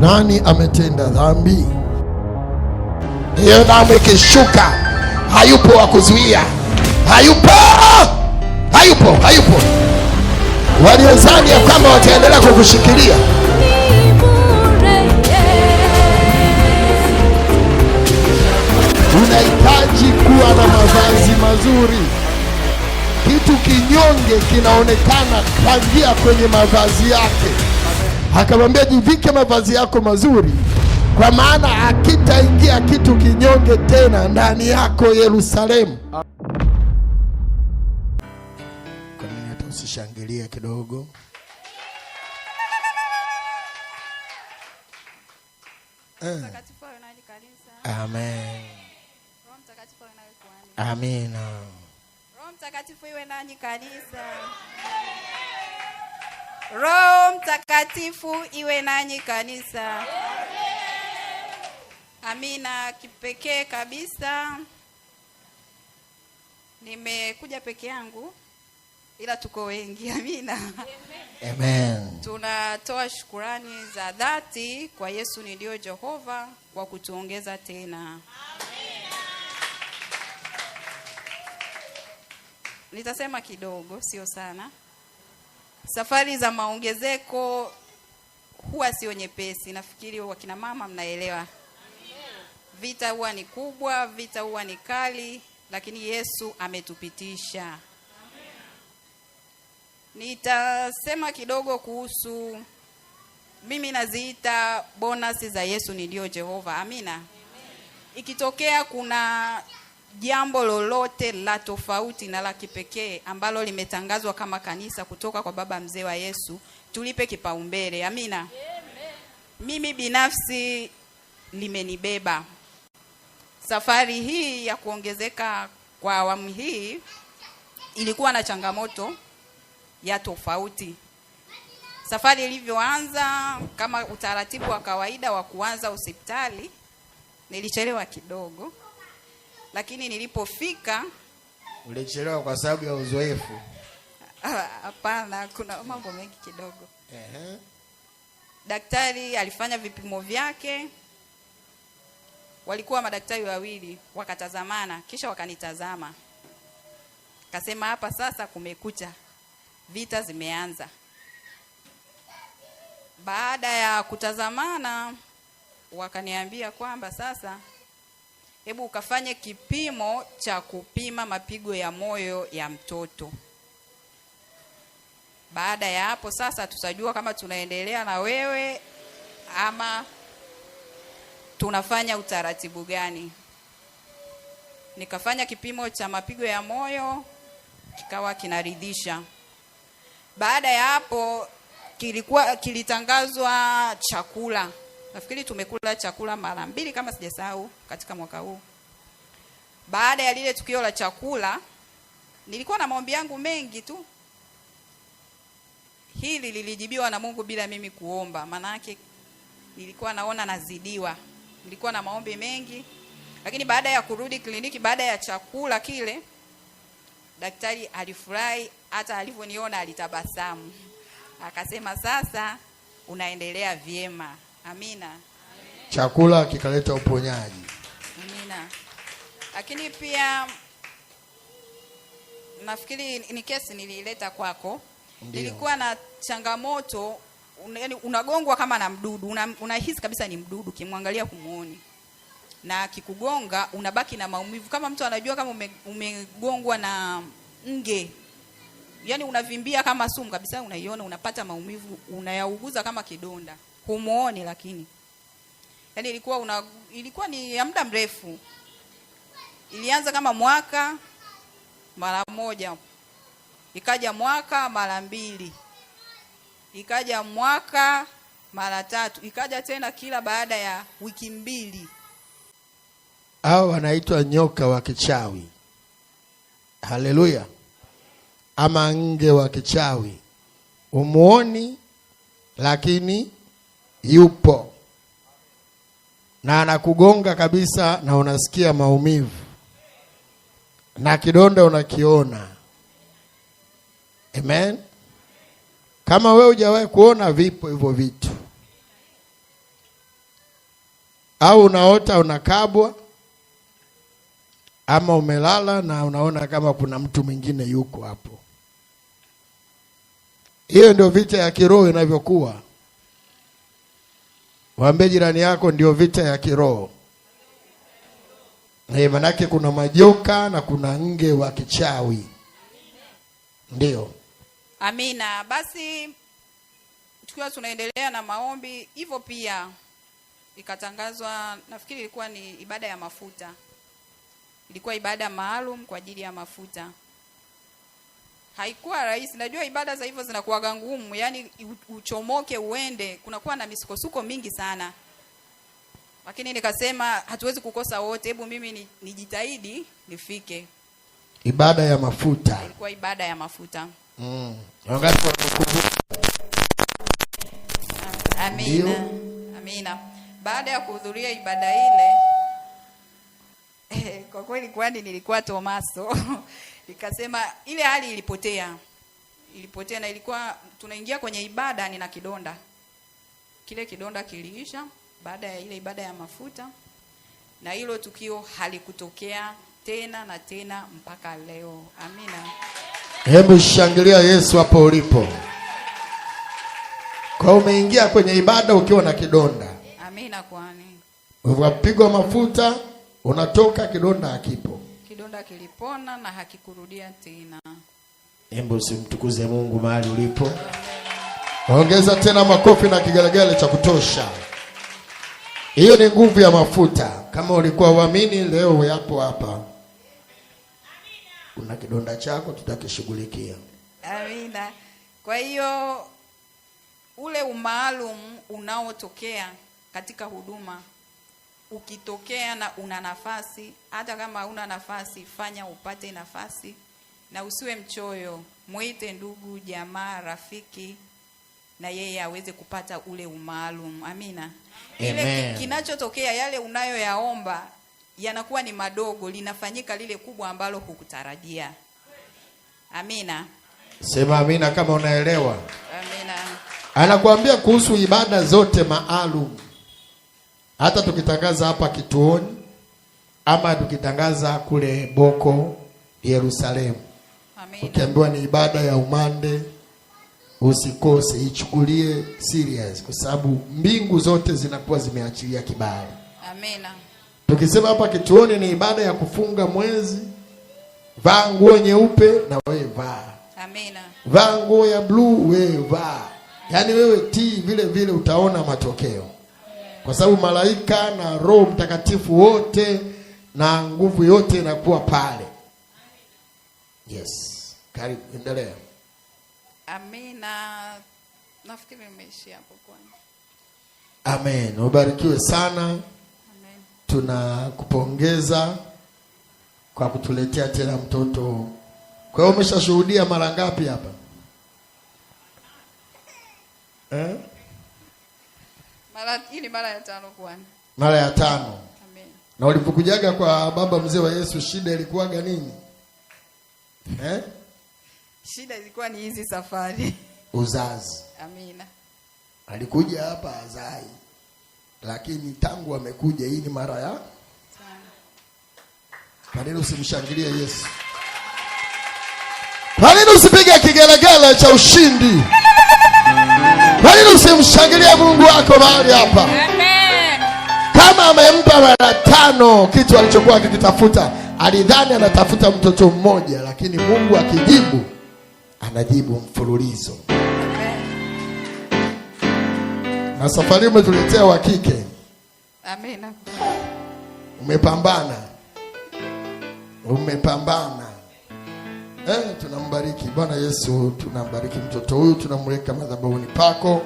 Nani ametenda dhambi? Hiyo damu ikishuka, hayupo wa kuzuia, hayupo, hayupo, hayupo. Waliozani ya kwamba wataendelea kukushikilia Unahitaji kuwa na mavazi mazuri. Kitu kinyonge kinaonekana kangia kwenye mavazi yake akamwambia, jivike mavazi yako mazuri, kwa maana hakitaingia kitu kinyonge tena ndani yako Yerusalemu. Kwa nini hata usishangilie kidogo? Eh. Amen. Amina. Roho Mtakatifu iwe nanyi kanisa. Roho Mtakatifu iwe nanyi kanisa. Amina. Kipekee kabisa, nimekuja peke yangu, ila tuko wengi. Amina. Amen. Tunatoa shukurani za dhati kwa Yesu nilio Jehova kwa kutuongeza tena. Amina. Nitasema kidogo, sio sana. Safari za maongezeko huwa sio nyepesi, nafikiri wakina mama mnaelewa. Vita huwa ni kubwa, vita huwa ni kali, lakini Yesu ametupitisha. Nitasema kidogo kuhusu mimi naziita bonasi za Yesu ni ndio Jehova. Amina. Ikitokea kuna jambo lolote la tofauti na la kipekee ambalo limetangazwa kama kanisa kutoka kwa baba mzee wa Yesu tulipe kipaumbele. Amina. Mimi binafsi limenibeba safari hii ya kuongezeka kwa awamu hii ilikuwa na changamoto ya tofauti. Safari ilivyoanza, kama utaratibu wa kawaida wa kuanza hospitali, nilichelewa kidogo lakini nilipofika ulichelewa kwa sababu ya uzoefu. Ah, hapana, kuna mambo mengi kidogo. Daktari alifanya vipimo vyake, walikuwa madaktari wawili wakatazamana, kisha wakanitazama, kasema hapa sasa kumekucha, vita zimeanza. Baada ya kutazamana, wakaniambia kwamba sasa hebu ukafanye kipimo cha kupima mapigo ya moyo ya mtoto. Baada ya hapo sasa, tutajua kama tunaendelea na wewe ama tunafanya utaratibu gani. Nikafanya kipimo cha mapigo ya moyo kikawa kinaridhisha. Baada ya hapo kilikuwa kilitangazwa chakula Nafikiri tumekula chakula mara mbili kama sijasahau katika mwaka huu. Baada ya lile tukio la chakula, nilikuwa na maombi yangu mengi tu. Hili lilijibiwa na Mungu bila mimi kuomba, yake nilikuwa naona nazidiwa. Nilikuwa na maombi mengi, lakini baada ya kurudi kliniki, baada ya chakula kile, daktari alifurahi, hata alivyoniona alitabasamu, akasema, sasa unaendelea vyema. Amina. Chakula kikaleta uponyaji. Amina. Lakini pia nafikiri ni kesi nilileta kwako. Ndiyo. Nilikuwa na changamoto yaani unagongwa kama na mdudu, unahisi una kabisa ni mdudu, kimwangalia kumuoni na kikugonga unabaki na maumivu kama mtu anajua kama umegongwa na nge, yaani unavimbia kama sumu kabisa, unaiona unapata maumivu, unayauguza kama kidonda humuoni, lakini yani ilikuwa una, ilikuwa ni ya muda mrefu. Ilianza kama mwaka mara moja, ikaja mwaka mara mbili, ikaja mwaka mara tatu, ikaja tena kila baada ya wiki mbili. Hao wanaitwa nyoka wa kichawi. Haleluya! Ama nge wa kichawi, umuoni lakini yupo na anakugonga kabisa, na unasikia maumivu na kidonda unakiona. Amen. Kama wewe hujawahi kuona, vipo hivyo vitu, au unaota unakabwa, ama umelala na unaona kama kuna mtu mwingine yuko hapo. Hiyo ndio vita ya kiroho inavyokuwa. Waambie jirani yako ndio vita ya kiroho. Eh, manake kuna majoka na kuna nge wa kichawi. Ndio. Amina. Basi tukiwa tunaendelea na maombi, hivyo pia ikatangazwa, nafikiri ilikuwa ni ibada ya mafuta. Ilikuwa ibada maalum kwa ajili ya mafuta haikuwa rahisi. Najua ibada za hivyo zinakuwaga ngumu, yani uchomoke uende, kunakuwa na misukosuko mingi sana, lakini nikasema hatuwezi kukosa wote, hebu mimi nijitahidi nifike. Ibada ya mafuta ilikuwa ibada ya mafuta mm. Amina. Amina. Baada ya kuhudhuria ibada ile kwa kweli, kwani nilikuwa Tomaso Nikasema ile hali ilipotea, ilipotea na ilikuwa tunaingia kwenye ibada, nina kidonda kile kidonda kiliisha baada ya ile ibada ya mafuta, na hilo tukio halikutokea tena na tena mpaka leo. Amina, hebu shangilia Yesu hapo ulipo, kwa umeingia kwenye ibada ukiwa na kidonda. Amina, kwani unapigwa mafuta, unatoka kidonda akipo kidonda kilipona na hakikurudia tena. Embo, simtukuze Mungu mahali ulipo. Ongeza tena makofi na kigelegele cha kutosha. Hiyo ni nguvu ya mafuta. Kama ulikuwa uamini, leo yapo hapa. Kuna kidonda chako tutakishughulikia. Amina. Kwa hiyo ule umaalum unaotokea katika huduma ukitokea na una nafasi, hata kama una nafasi, fanya upate nafasi na usiwe mchoyo. Mwite ndugu, jamaa, rafiki na yeye aweze kupata ule umaalum. Amina. Amen. Ile kinachotokea yale unayoyaomba yanakuwa ni madogo, linafanyika lile kubwa ambalo hukutarajia. Amina. Sema amina kama unaelewa. Amina. Anakuambia kuhusu ibada zote maalum hata tukitangaza hapa kituoni ama tukitangaza kule Boko Yerusalemu, ukiambiwa ni ibada ya umande, usikose, ichukulie serious, kwa sababu mbingu zote zinakuwa zimeachilia kibali. Amina. Tukisema hapa kituoni ni ibada ya kufunga mwezi, vaa nguo nyeupe na wewe vaa. Amina. Vaa nguo ya bluu, wewe vaa, yaani wewe ti vile vile utaona matokeo kwa sababu malaika na Roho Mtakatifu wote na nguvu yote inakuwa pale. Yes, karibu endelea. Amina, nafikiri nimeishia hapo kwanza. Amen, ubarikiwe sana. Tunakupongeza kwa kutuletea tena mtoto. Kwa hiyo umeshashuhudia mara ngapi hapa eh? Mara hii ni mara ya tano kuhani. Mara ya tano. Amen. Na ulipokujaga kwa baba mzee wa Yesu shida ilikuwaga nini? Eh? Shida ilikuwa ni hizi safari. Uzazi. Amina. Alikuja hapa azai. Lakini tangu amekuja hii ni mara ya tano. Kwanini usimshangilie Yesu? Kwanini usipige kigelegele cha ushindi? Yeah. Kwa nini usimshangilie Mungu wako mahali hapa? Kama amempa mara tano kitu alichokuwa akikitafuta, alidhani anatafuta mtoto mmoja, lakini Mungu akijibu, anajibu mfululizo. Na safari umetuletea wa kike. Umepambana, umepambana Eh, tunambariki Bwana Yesu, tunambariki mtoto huyu, tunamweka madhabahuni pako,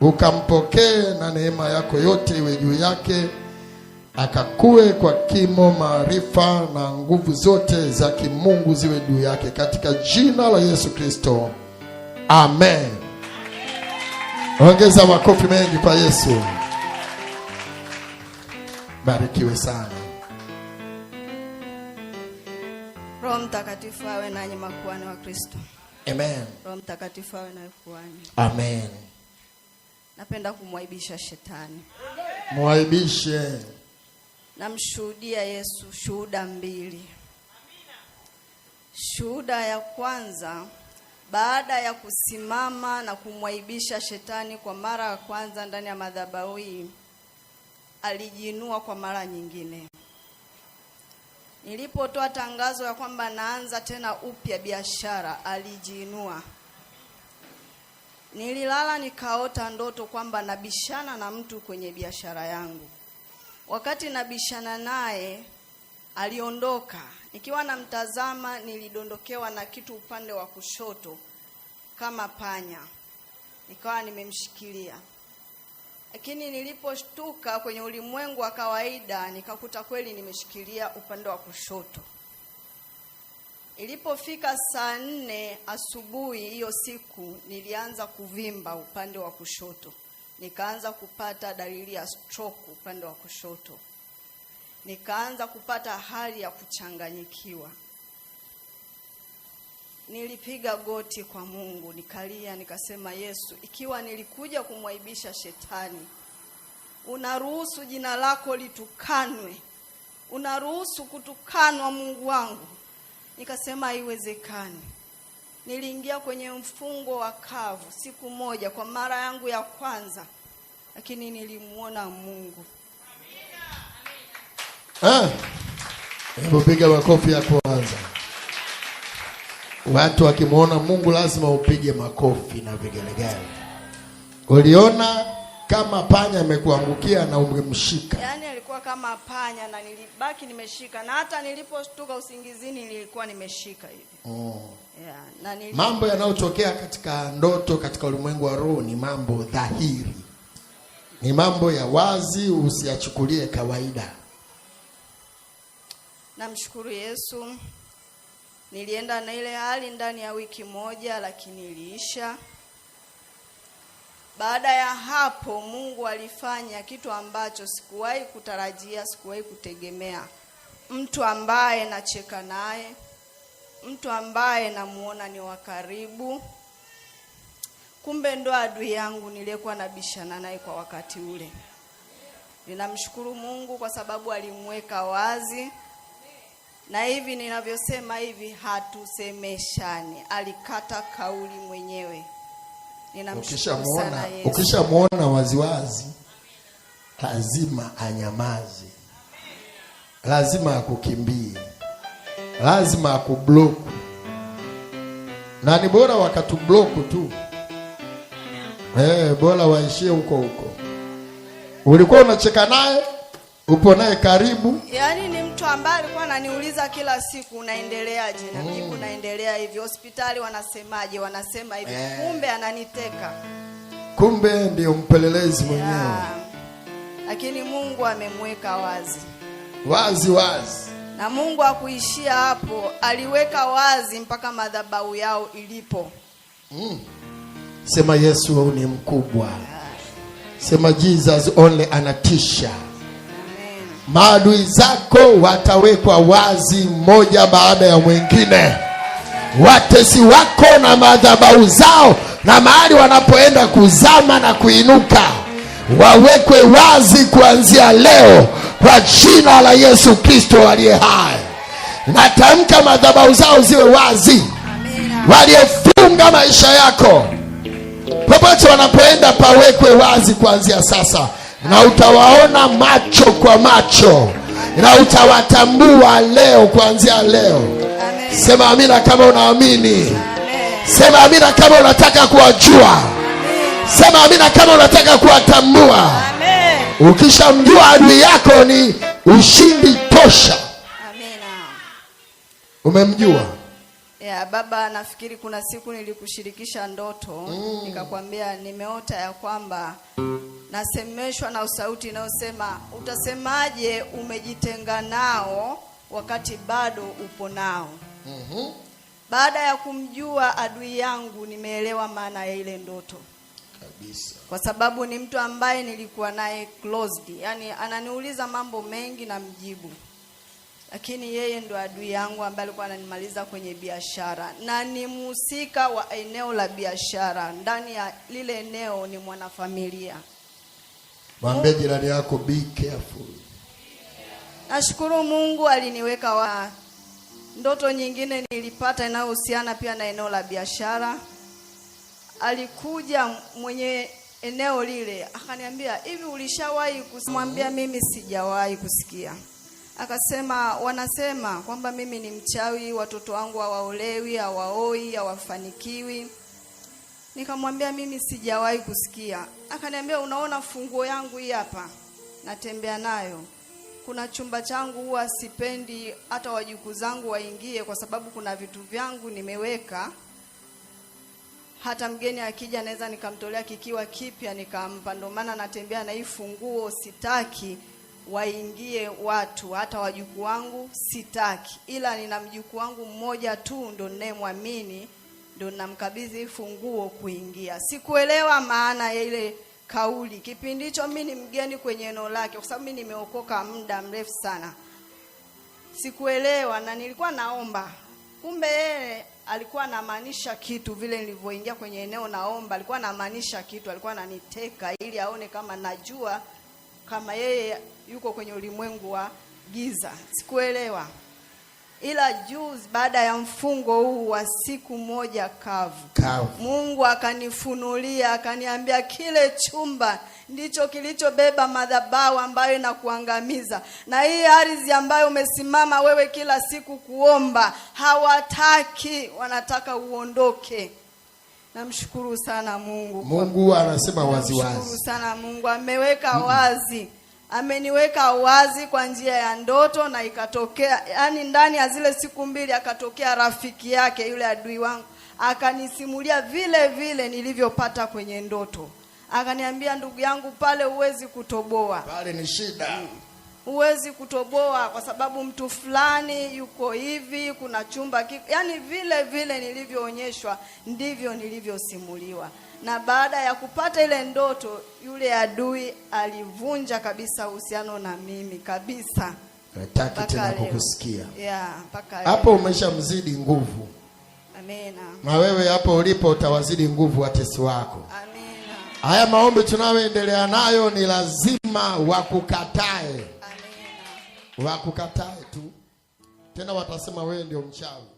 ukampokee na neema yako yote iwe juu yake, akakue kwa kimo, maarifa na nguvu zote za kimungu ziwe juu yake, katika jina la Yesu Kristo, amen. Ongeza makofi mengi kwa Yesu. Barikiwe sana. Roho Mtakatifu awe nanyi makuhani wa Kristo. Amen. Roho Mtakatifu awe nawe kuhani. Amen. Napenda kumwaibisha shetani. Mwaibishe. Namshuhudia Yesu shuhuda mbili. Shuhuda ya kwanza, baada ya kusimama na kumwaibisha shetani kwa mara ya kwanza ndani ya madhabahu, hii alijiinua kwa mara nyingine. Nilipotoa tangazo ya kwamba naanza tena upya biashara, alijiinua. Nililala nikaota ndoto kwamba nabishana na mtu kwenye biashara yangu. Wakati nabishana naye, aliondoka. Nikiwa namtazama, nilidondokewa na kitu upande wa kushoto kama panya, nikawa nimemshikilia lakini niliposhtuka kwenye ulimwengu wa kawaida, nikakuta kweli nimeshikilia upande wa kushoto. Ilipofika saa nne asubuhi hiyo siku, nilianza kuvimba upande wa kushoto, nikaanza kupata dalili ya stroke upande wa kushoto, nikaanza kupata hali ya kuchanganyikiwa nilipiga goti kwa Mungu nikalia, nikasema, Yesu, ikiwa nilikuja kumwaibisha shetani, unaruhusu jina lako litukanwe, unaruhusu kutukanwa, Mungu wangu. Nikasema haiwezekani. Niliingia kwenye mfungo wa kavu siku moja kwa mara yangu ya kwanza, lakini nilimwona Mungu. Amina, amina. Ah, hebu piga makofi ya kwanza. Watu wakimwona Mungu lazima upige makofi na vigelegele. Uliona kama panya amekuangukia na umemshika. Yaani alikuwa kama panya na nilibaki nimeshika na hata niliposhtuka usingizini nilikuwa nimeshika hivi. Oh. Yeah, na nilipo... Mambo yanayotokea katika ndoto katika ulimwengu wa roho ni mambo dhahiri. Ni mambo ya wazi usiyachukulie kawaida. Namshukuru Yesu. Nilienda na ile hali ndani ya wiki moja, lakini iliisha. Baada ya hapo, Mungu alifanya kitu ambacho sikuwahi kutarajia, sikuwahi kutegemea. Mtu ambaye nacheka naye, mtu ambaye namuona ni wa karibu, kumbe ndo adui yangu niliyekuwa nabishana naye kwa wakati ule. Ninamshukuru Mungu kwa sababu alimweka wazi na hivi ninavyosema hivi hatusemeshani, alikata kauli mwenyewe. Ninamshukuru Ukishamwona waziwazi lazima anyamaze, lazima akukimbie, lazima akubloku, na ni bora wakatubloku tu eh, bora waishie huko huko. Ulikuwa unacheka naye Upo naye karibu? Yaani ni mtu ambaye alikuwa ananiuliza kila siku unaendeleaje? Na mimi mm. naendelea hivi. Hospitali wanasemaje? Wanasema hivi. yeah. Kumbe ananiteka. Kumbe ndio mpelelezi mwenyewe. Yeah. Lakini Mungu amemweka wazi. Wazi wazi. Na Mungu akuishia hapo, aliweka wazi mpaka madhabahu yao ilipo. Mm. Sema Yesu ni mkubwa. Yeah. Sema Jesus only anatisha maadui zako watawekwa wazi mmoja baada ya mwingine. Watesi wako na madhabahu zao na mahali wanapoenda kuzama na kuinuka wawekwe wazi kuanzia leo kwa jina la Yesu Kristo aliye hai. Natamka madhabahu zao ziwe wazi, waliofunga maisha yako popote wanapoenda pawekwe wazi kuanzia sasa na utawaona macho kwa macho na utawatambua leo, kuanzia leo. Sema amina kama unaamini. Sema amina kama unataka kuwajua. Sema amina kama unataka kuwatambua. Ukishamjua adui yako ni ushindi tosha. Umemjua? Ya, baba, nafikiri kuna siku nilikushirikisha ndoto mm. Nikakwambia nimeota ya kwamba nasemeshwa na sauti inayosema utasemaje umejitenga nao wakati bado upo nao. mm -hmm. Baada ya kumjua adui yangu, nimeelewa maana ya ile ndoto kabisa, kwa sababu ni mtu ambaye nilikuwa naye closed, yaani ananiuliza mambo mengi na mjibu, lakini yeye ndo adui yangu ambaye alikuwa ananimaliza kwenye biashara, na ni mhusika wa eneo la biashara. Ndani ya lile eneo ni mwanafamilia Mwambie jirani yako be careful. Nashukuru Mungu aliniweka wa ndoto nyingine nilipata inayohusiana pia na eneo la biashara. Alikuja mwenye eneo lile akaniambia, hivi ulishawahi kumwambia? Mimi sijawahi kusikia. Akasema wanasema kwamba mimi ni mchawi, watoto wangu hawaolewi, hawaoi, hawafanikiwi Nikamwambia mimi sijawahi kusikia. Akaniambia unaona, funguo yangu hii hapa, natembea nayo. Kuna chumba changu huwa sipendi hata wajukuu zangu waingie, kwa sababu kuna vitu vyangu nimeweka. Hata mgeni akija naweza nikamtolea kikiwa kipya nikampa. Ndio maana natembea na hii funguo, sitaki waingie watu, hata wajukuu wangu sitaki, ila nina mjukuu wangu mmoja tu ndo ninayemwamini ndo namkabidhi funguo kuingia. Sikuelewa maana ya ile kauli kipindi hicho, mimi ni mgeni kwenye eneo lake, kwa sababu mimi nimeokoka muda mrefu sana. Sikuelewa na nilikuwa naomba, kumbe yeye alikuwa anamaanisha kitu. Vile nilivyoingia kwenye eneo naomba, alikuwa anamaanisha kitu, alikuwa ananiteka ili aone kama najua kama yeye yuko kwenye ulimwengu wa giza. Sikuelewa ila juzi baada ya mfungo huu wa siku moja kavu, kavu, Mungu akanifunulia akaniambia, kile chumba ndicho kilichobeba madhabahu ambayo inakuangamiza, na hii ardhi ambayo umesimama wewe kila siku kuomba, hawataki, wanataka uondoke. Namshukuru sana Mungu, Mungu anasema waziwazi, namshukuru sana Mungu ameweka wazi mm -hmm ameniweka wazi kwa njia ya ndoto, na ikatokea, yani ndani ya zile siku mbili akatokea rafiki yake yule adui wangu akanisimulia vile vile nilivyopata kwenye ndoto, akaniambia, ndugu yangu, pale huwezi kutoboa, pale ni shida Huwezi kutoboa kwa sababu mtu fulani yuko hivi, kuna chumba kiko. Yani vile vile nilivyoonyeshwa ndivyo nilivyosimuliwa na baada ya kupata ile ndoto, yule adui alivunja kabisa uhusiano na mimi kabisa. Hataki tena kukusikia. Yeah, mpaka hapo umeshamzidi nguvu. Amina. Na wewe hapo ulipo utawazidi nguvu watesi wako. Amina. Haya maombi tunayoendelea nayo ni lazima wakukatae. Amina. Wakukatae tu. Tena watasema wewe ndio mchawi.